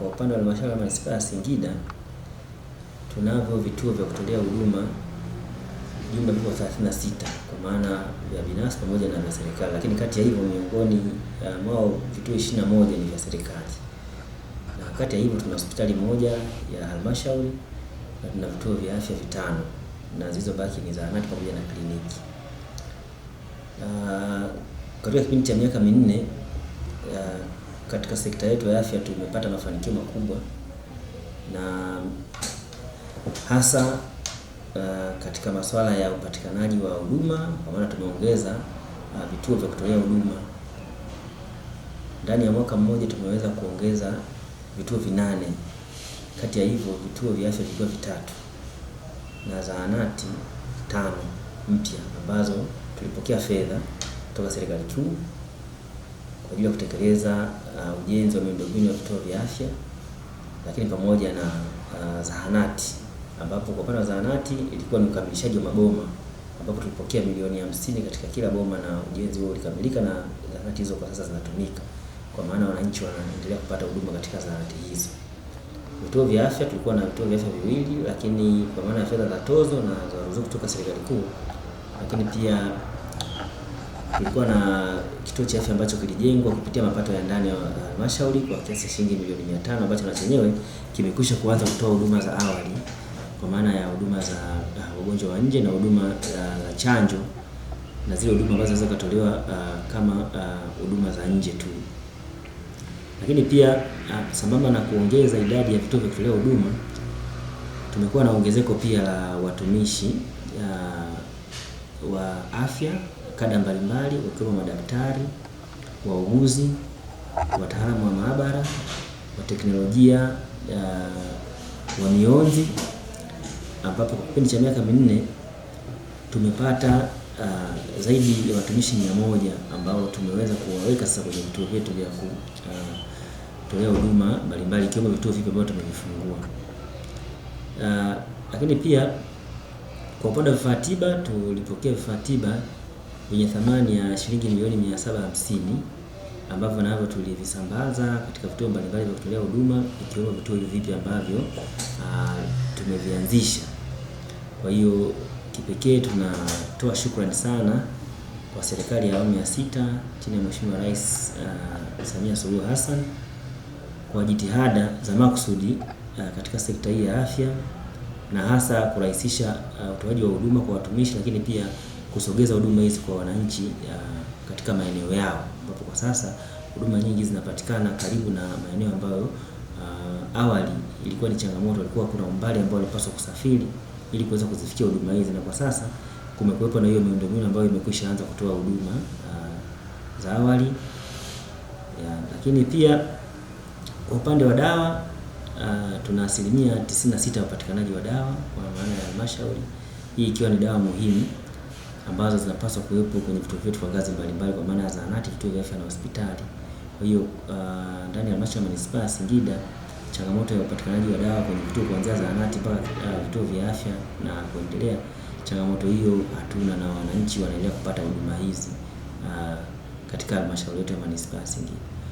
Kwa upande wa halmashauri ya manispaa ya Singida tunavyo vituo vya kutolea huduma jumla viko 36 kwa maana vya binafsi pamoja na vya serikali, lakini kati ya hivyo miongoni eh, mwao vituo 21 ni vya serikali, na kati ya hivyo tuna hospitali moja ya halmashauri na tuna vituo vya afya vitano na zilizobaki ni zahanati pamoja na kliniki. Ah, katika kipindi cha miaka minne eh, katika sekta yetu ya afya tumepata mafanikio makubwa na hasa uh, katika masuala ya upatikanaji wa huduma, kwa maana tumeongeza uh, vituo vya kutolea huduma. Ndani ya mwaka mmoja tumeweza kuongeza vituo vinane. Kati ya hivyo vituo vya afya vikiwa vitatu na zahanati tano mpya ambazo tulipokea fedha kutoka serikali kuu kwa ajili ya kutekeleza uh, ujenzi wa miundombinu ya vituo vya afya, lakini pamoja na uh, zahanati, ambapo kwa upande wa zahanati ilikuwa ni ukamilishaji wa maboma ambapo tulipokea milioni hamsini katika kila boma na ujenzi huo ulikamilika, na zahanati hizo kwa sasa zinatumika, kwa maana wananchi wanaendelea kupata huduma katika zahanati hizo. Vituo vya afya tulikuwa na vituo vya afya viwili, lakini kwa maana ya fedha za tozo na za ruzuku kutoka serikali kuu, lakini pia Kulikuwa na kituo cha afya ambacho kilijengwa kupitia mapato ya ndani ya halmashauri kwa kiasi shilingi milioni mia tano ambacho na chenyewe kimekwisha kuanza kutoa huduma za awali kwa maana ya huduma za uh, wagonjwa wa nje na huduma uh, za uh, chanjo na zile huduma ambazo zinaweza kutolewa uh, kama uh, huduma uh, za nje tu. Lakini pia uh, sambamba na kuongeza idadi ya vituo vya kutolea huduma, tumekuwa na ongezeko pia la watumishi uh, wa afya kada mbalimbali wakiwemo madaktari, wauguzi, wataalamu wa maabara, wa teknolojia uh, wa mionzi, ambapo kwa kipindi cha miaka minne tumepata uh, zaidi ya watumishi mia moja ambao tumeweza kuwaweka sasa kwenye vituo vyetu vya kutolea uh, huduma mbalimbali ikiwemo vituo vipya ambavyo tumevifungua. Uh, lakini pia kwa upande wa vifaa tiba tulipokea vifaa tiba yenye thamani ya shilingi milioni 750 ambavyo navyo tulivisambaza katika vituo mbalimbali vya kutolea huduma ikiwemo vituo hivi vipya ambavyo ah, tumevianzisha. Kwa hiyo kipekee tunatoa shukrani sana kwa serikali ya awamu ya sita chini ya Mheshimiwa Rais uh, Samia Suluhu Hassan kwa jitihada za makusudi uh, katika sekta hii ya afya na hasa kurahisisha utoaji wa huduma kwa watumishi, lakini pia kusogeza huduma hizi kwa wananchi ya katika maeneo yao, ambapo kwa sasa huduma nyingi zinapatikana karibu na maeneo ambayo uh, awali ilikuwa ni changamoto, ilikuwa kuna umbali ambao walipaswa kusafiri ili kuweza kuzifikia huduma hizi, na kwa sasa kumekuwepo na hiyo miundombinu ambayo imekwisha anza kutoa huduma uh, za awali ya, lakini pia kwa upande wa dawa uh, tuna asilimia 96 ya upatikanaji wa dawa kwa maana ya halmashauri, hii ikiwa ni dawa muhimu ambazo zinapaswa kuwepo kwenye vituo vyetu kwa ngazi mbalimbali, kwa maana ya zahanati, vituo vya afya na hospitali. Kwa hiyo uh, ndani ya halmashauri ya manispaa ya Singida changamoto ya upatikanaji wa dawa kwenye vituo kuanzia zahanati mpaka uh, vituo vya afya na kuendelea, changamoto hiyo hatuna na wananchi wanaendelea kupata huduma hizi uh, katika halmashauri yetu ya manispaa ya Singida.